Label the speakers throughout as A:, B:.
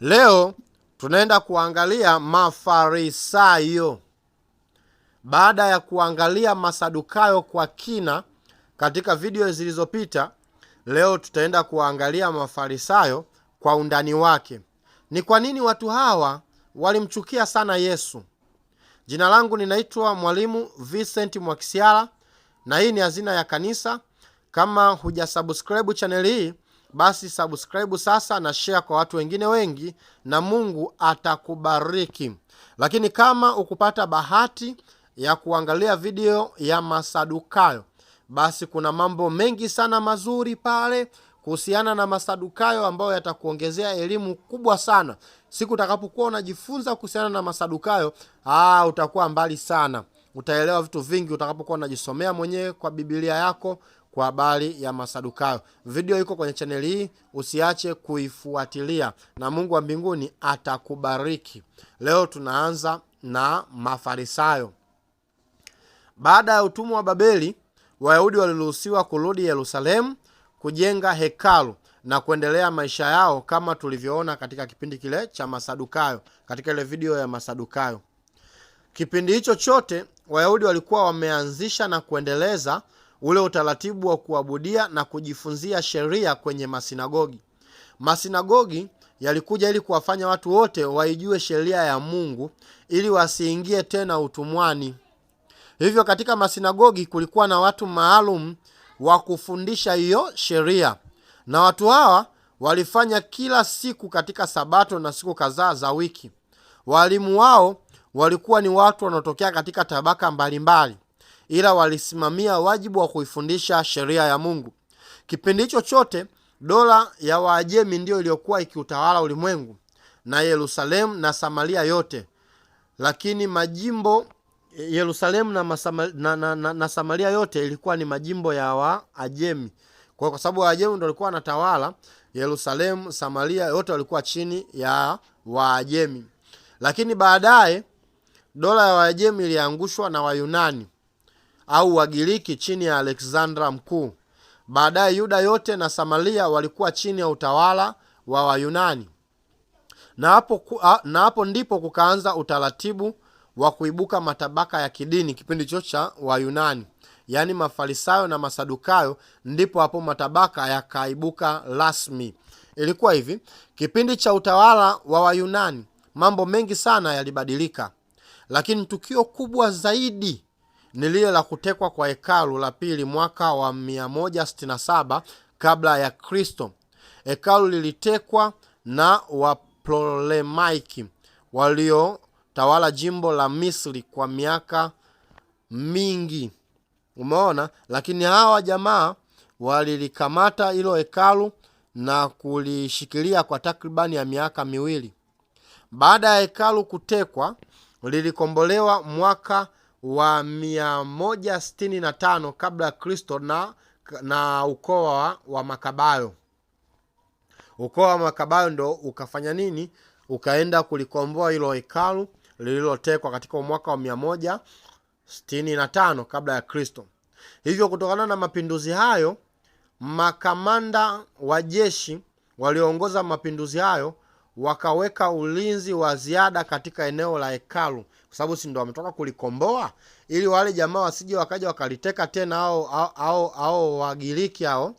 A: Leo tunaenda kuangalia Mafarisayo baada ya kuangalia Masadukayo kwa kina katika video zilizopita. Leo tutaenda kuangalia Mafarisayo kwa undani wake. Ni kwa nini watu hawa walimchukia sana Yesu? Jina langu ninaitwa Mwalimu Vincent mwakisiala na hii ni Hazina ya Kanisa. Kama hujasubscribe chaneli hii basi subscribe sasa na share kwa watu wengine wengi, na Mungu atakubariki. Lakini kama ukupata bahati ya kuangalia video ya Masadukayo, basi kuna mambo mengi sana mazuri pale kuhusiana na Masadukayo ambayo yatakuongezea elimu kubwa sana. Siku utakapokuwa unajifunza kuhusiana na Masadukayo, aa, ah, utakuwa mbali sana. Utaelewa vitu vingi utakapokuwa unajisomea mwenyewe kwa Biblia yako kwa habari ya Masadukayo. Video iko kwenye chaneli hii, usiache kuifuatilia na Mungu wa mbinguni atakubariki. Leo tunaanza na Mafarisayo. Baada ya utumwa wa Babeli, Wayahudi waliruhusiwa kurudi Yerusalemu kujenga hekalu na kuendelea maisha yao kama tulivyoona katika kipindi kile cha Masadukayo, katika ile video ya Masadukayo. Kipindi hicho chote Wayahudi walikuwa wameanzisha na kuendeleza ule utaratibu wa kuabudia na kujifunzia sheria kwenye masinagogi. Masinagogi yalikuja ili kuwafanya watu wote waijue sheria ya Mungu ili wasiingie tena utumwani. Hivyo katika masinagogi kulikuwa na watu maalum wa kufundisha hiyo sheria, na watu hawa walifanya kila siku katika Sabato na siku kadhaa za wiki. Walimu wao walikuwa ni watu wanaotokea katika tabaka mbalimbali ila walisimamia wajibu wa kuifundisha sheria ya Mungu. Kipindi hicho chote dola ya Waajemi ndiyo iliyokuwa ikiutawala ulimwengu na Yerusalemu na Samaria yote, lakini majimbo Yerusalemu na, na, na, na, na Samaria yote ilikuwa ni majimbo ya Waajemi kwa, kwa sababu Waajemi ndio walikuwa wanatawala Yerusalemu, Samaria yote walikuwa chini ya Waajemi, lakini baadaye dola ya Waajemi iliangushwa na Wayunani au Wagiriki chini ya Aleksandra Mkuu. Baadaye Yuda yote na Samaria walikuwa chini ya utawala wa Wayunani, na hapo, na hapo ndipo kukaanza utaratibu wa kuibuka matabaka ya kidini kipindi hicho cha Wayunani, yaani Mafarisayo na Masadukayo. Ndipo hapo matabaka yakaibuka rasmi. Ilikuwa hivi, kipindi cha utawala wa Wayunani mambo mengi sana yalibadilika, lakini tukio kubwa zaidi ni lile la kutekwa kwa hekalu la pili mwaka wa 167 kabla ya Kristo. Hekalu lilitekwa na Waprolemaiki waliotawala jimbo la Misri kwa miaka mingi. Umeona, lakini hawa jamaa walilikamata hilo hekalu na kulishikilia kwa takribani ya miaka miwili. Baada ya hekalu kutekwa, lilikombolewa mwaka wa 165 kabla ya Kristo na, na ukoo wa Makabayo. Ukoo wa Makabayo ndo ukafanya nini? Ukaenda kulikomboa hilo hekalu lililotekwa katika mwaka wa 165 kabla ya Kristo. Hivyo kutokana na mapinduzi hayo, makamanda wa jeshi walioongoza mapinduzi hayo wakaweka ulinzi wa ziada katika eneo la hekalu kwa sababu si ndo wametoka kulikomboa, ili wale jamaa wasije wakaja wakaliteka tena, au au au Wagiriki hao,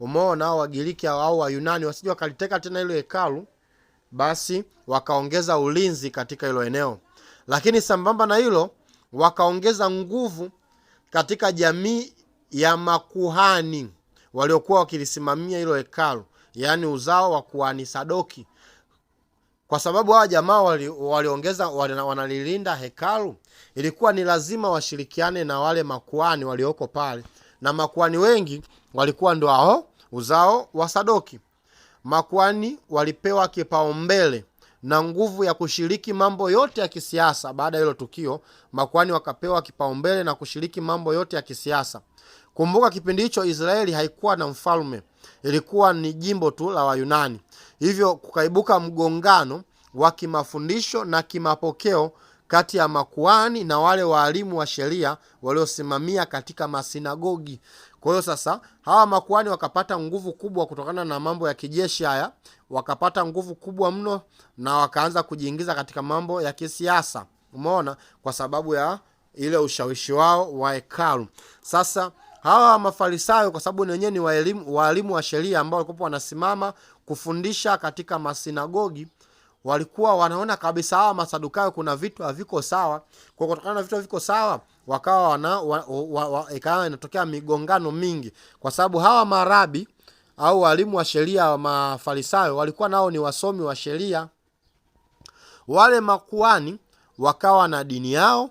A: umeona, au Wagiriki hao au Wayunani wasije wakaliteka tena ile hekalu, basi wakaongeza ulinzi katika hilo eneo, lakini sambamba na hilo wakaongeza nguvu katika jamii ya makuhani waliokuwa wakilisimamia hilo hekalu, yaani uzao wa kuhani Sadoki kwa sababu hawa jamaa waliongeza wali wanalilinda hekalu, ilikuwa ni lazima washirikiane na wale makuani walioko pale, na makuani wengi walikuwa ndo ao uzao wa Sadoki. Makuani walipewa kipaumbele na nguvu ya kushiriki mambo yote ya kisiasa. Baada ya hilo tukio, makuani wakapewa kipaumbele na kushiriki mambo yote ya kisiasa. Kumbuka kipindi hicho Israeli haikuwa na mfalme, ilikuwa ni jimbo tu la Wayunani, hivyo kukaibuka mgongano wa kimafundisho na kimapokeo kati ya makuani na wale waalimu wa sheria waliosimamia katika masinagogi. Kwa hiyo sasa hawa makuani wakapata nguvu kubwa kutokana na mambo ya kijeshi haya, wakapata nguvu kubwa mno na wakaanza kujiingiza katika mambo ya kisiasa, umeona, kwa sababu ya ile ushawishi wao wa hekalu sasa hawa Mafarisayo, kwa sababu wenyewe ni waalimu wa sheria ambao walikuwa wanasimama kufundisha katika masinagogi, walikuwa wanaona kabisa hawa Masadukayo kuna vitu haviko sawa. Kwa kutokana na vitu haviko sawa, wakawa wana wa, wa, wa, ikawa inatokea migongano mingi, kwa sababu hawa marabi au walimu wa sheria wa Mafarisayo walikuwa nao ni wasomi wa sheria. Wale makuani wakawa na dini yao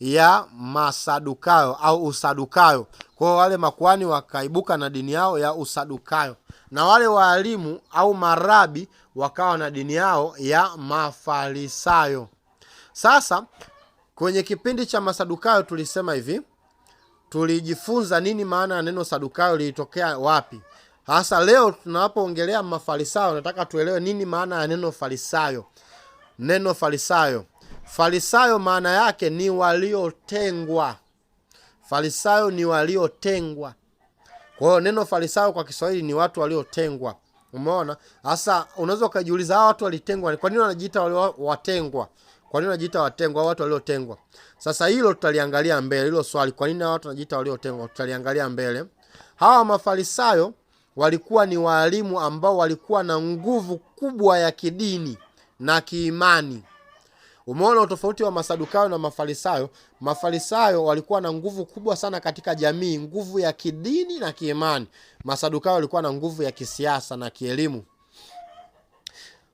A: ya Masadukayo au Usadukayo. Kwa wale makuhani wakaibuka na dini yao ya Usadukayo, na wale waalimu au marabi wakawa na dini yao ya Mafarisayo. Sasa kwenye kipindi cha Masadukayo tulisema hivi, tulijifunza nini maana ya neno Sadukayo, lilitokea wapi hasa. Leo tunapoongelea Mafarisayo, nataka tuelewe nini maana ya neno Farisayo. Neno Farisayo, Farisayo maana yake ni waliotengwa Farisayo ni waliotengwa. Kwa hiyo neno farisayo kwa Kiswahili ni watu waliotengwa. Umeona? Sasa unaweza ukajiuliza hawa watu walitengwa, kwa nini wanajiita watengwa? Kwa nini wanajiita watengwa, watu waliotengwa? Sasa hilo tutaliangalia mbele, hilo swali, kwa nini hawa watu wanajiita waliotengwa, tutaliangalia mbele. Hawa mafarisayo walikuwa ni waalimu ambao walikuwa na nguvu kubwa ya kidini na kiimani. Umeona utofauti wa Masadukayo na Mafarisayo. Mafarisayo walikuwa na nguvu kubwa sana katika jamii, nguvu ya kidini na kiimani. Masadukayo walikuwa na nguvu ya kisiasa na kielimu.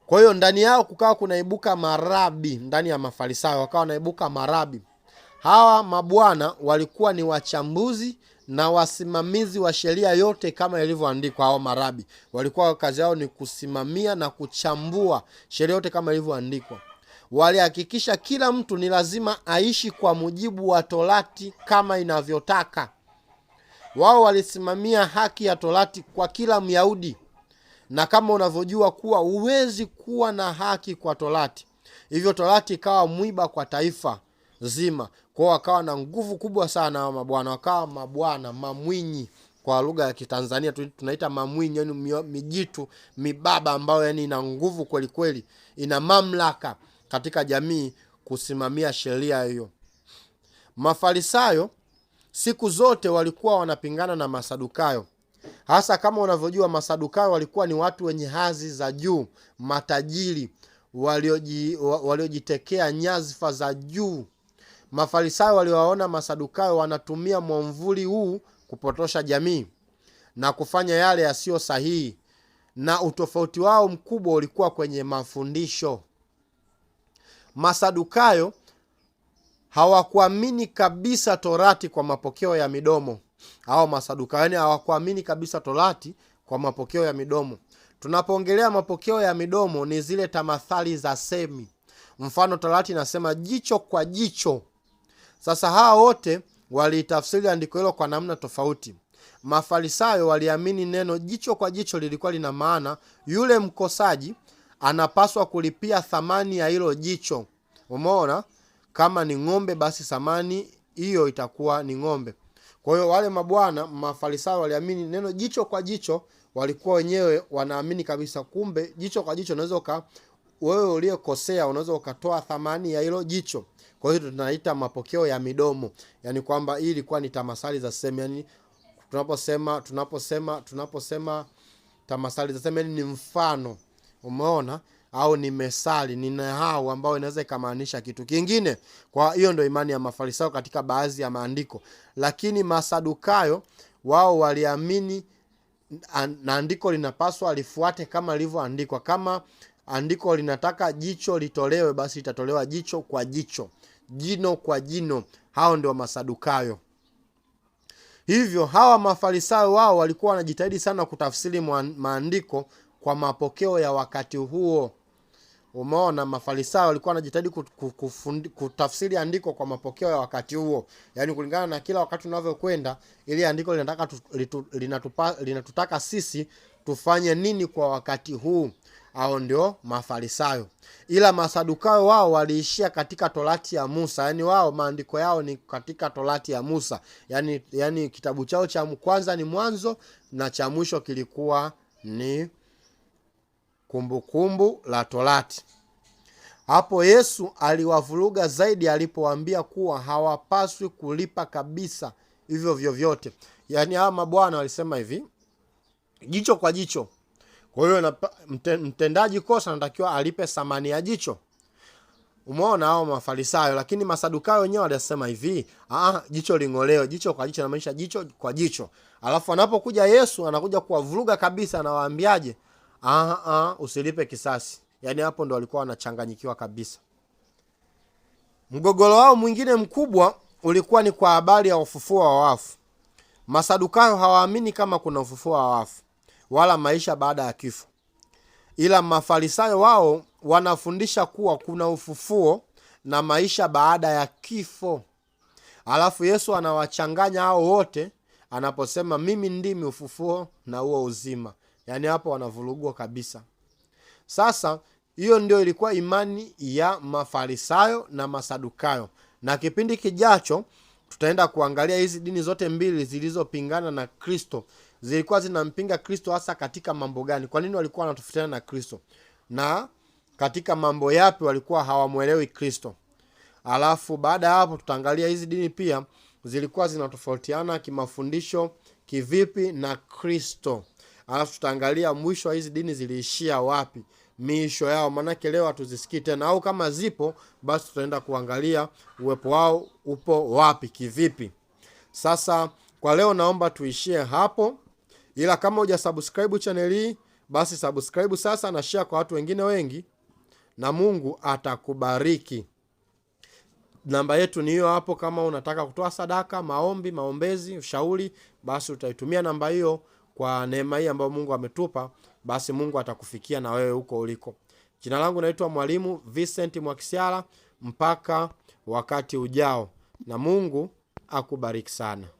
A: Kwa hiyo ndani yao kukawa kunaibuka marabi, ndani ya Mafarisayo wakawa wanaibuka marabi. Hawa mabwana walikuwa ni wachambuzi na wasimamizi wa sheria yote kama ilivyoandikwa. Hao marabi walikuwa kazi yao ni kusimamia na kuchambua sheria yote kama ilivyoandikwa walihakikisha kila mtu ni lazima aishi kwa mujibu wa Torati kama inavyotaka. Wao walisimamia haki ya Torati kwa kila Myahudi, na kama unavyojua kuwa huwezi kuwa na haki kwa Torati, hivyo Torati ikawa mwiba kwa taifa zima. Kwao wakawa na nguvu kubwa sana wa mabwana, wakawa mabwana mamwinyi kwa lugha ya Kitanzania tunaita mamwinyi, yani mijitu mibaba ambayo yani ina nguvu kwelikweli, ina mamlaka katika jamii kusimamia sheria hiyo. Mafarisayo siku zote walikuwa wanapingana na Masadukayo, hasa kama unavyojua, Masadukayo walikuwa ni watu wenye hadhi za juu, matajiri waliojitekea nyadhifa za juu. Mafarisayo waliwaona Masadukayo wanatumia mwamvuli huu kupotosha jamii na kufanya yale yasiyo sahihi, na utofauti wao mkubwa ulikuwa kwenye mafundisho. Masadukayo hawakuamini kabisa Torati kwa mapokeo ya midomo au Masadukayo, yani hawakuamini kabisa Torati kwa mapokeo ya midomo. Tunapoongelea mapokeo ya midomo ni zile tamathali za semi, mfano Torati inasema jicho kwa jicho. Sasa hawa wote waliitafsiri andiko hilo kwa namna tofauti. Mafarisayo waliamini neno jicho kwa jicho lilikuwa lina maana yule mkosaji anapaswa kulipia thamani ya hilo jicho. Umeona, kama ni ng'ombe, basi thamani hiyo itakuwa ni ng'ombe. Kwa hiyo wale mabwana mafarisayo waliamini neno jicho kwa jicho, walikuwa wenyewe wanaamini kabisa, kumbe jicho kwa jicho unaweza uka, wewe uliyekosea unaweza ukatoa thamani ya hilo jicho. Kwa hiyo tunaita mapokeo ya midomo, yani kwamba hii ilikuwa ni tamasali za sehemu, yani tunaposema tunaposema tunaposema tamasali za sehemu, yani ni mfano umeona au ni mesali ni nahau ambayo inaweza ikamaanisha kitu kingine. Kwa hiyo ndio imani ya Mafarisayo katika baadhi ya maandiko, lakini Masadukayo wao waliamini na andiko linapaswa lifuate kama lilivyoandikwa. Kama andiko linataka jicho litolewe, basi litatolewa jicho kwa jicho, jino kwa jino. Hao ndio Masadukayo. Hivyo hawa Mafarisayo wao walikuwa wanajitahidi sana kutafsiri maandiko kwa mapokeo ya wakati huo. Umeona, mafarisayo walikuwa wanajitahidi kutafsiri andiko kwa mapokeo ya wakati huo, yaani kulingana na kila wakati unavyokwenda, ili andiko linataka tu, litu, linatupa, linatutaka sisi tufanye nini kwa wakati huu. au ndio Mafarisayo, ila Masadukayo wao waliishia katika torati ya Musa, yaani wao maandiko yao ni katika torati ya Musa, yaani yaani kitabu chao cha kwanza ni Mwanzo na cha mwisho kilikuwa ni Kumbukumbu la Torati. Hapo Yesu aliwavuruga zaidi alipowaambia kuwa hawapaswi kulipa kabisa hivyo vyovyote. Yaani hawa mabwana walisema hivi, jicho kwa jicho. Kwa hiyo mtendaji kosa anatakiwa alipe thamani ya jicho. Umeona hao Mafarisayo, lakini Masadukayo wenyewe walisema hivi, ah, jicho ling'olewe. jicho kwa jicho, namaanisha jicho kwa jicho. Alafu anapokuja Yesu anakuja kuwavuruga kabisa, anawaambiaje? Aha, usilipe kisasi. Yaani hapo ndo walikuwa wanachanganyikiwa kabisa. Mgogoro wao mwingine mkubwa ulikuwa ni kwa habari ya ufufuo wa wafu. Masadukayo hawaamini kama kuna ufufuo wa wafu wala maisha baada ya kifo, ila Mafarisayo wao wanafundisha kuwa kuna ufufuo na maisha baada ya kifo. Alafu Yesu anawachanganya hao wote anaposema, mimi ndimi ufufuo na huo uzima yaani hapo wanavurugwa kabisa. Sasa hiyo ndio ilikuwa imani ya Mafarisayo na Masadukayo, na kipindi kijacho tutaenda kuangalia hizi dini zote mbili zilizopingana na Kristo zilikuwa zinampinga Kristo hasa katika mambo gani? Kwa nini walikuwa wanatofautiana na Kristo na katika mambo yapi walikuwa hawamwelewi Kristo? Alafu baada ya hapo tutaangalia hizi dini pia zilikuwa zinatofautiana kimafundisho kivipi na Kristo alafu tutaangalia mwisho wa hizi dini ziliishia wapi miisho yao, maanake leo hatuzisikii tena, au kama zipo basi tutaenda kuangalia uwepo wao upo wapi, kivipi. Sasa kwa leo naomba tuishie hapo, ila kama uja subscribe channel hii basi subscribe sasa na share kwa watu wengine wengi, na Mungu atakubariki. Namba yetu ni hiyo hapo. Kama unataka kutoa sadaka, maombi, maombezi, ushauri, basi utaitumia namba hiyo kwa neema hii ambayo Mungu ametupa, basi Mungu atakufikia na wewe huko uliko. Jina langu naitwa Mwalimu Vincent mwakisiala Mpaka wakati ujao, na Mungu akubariki sana.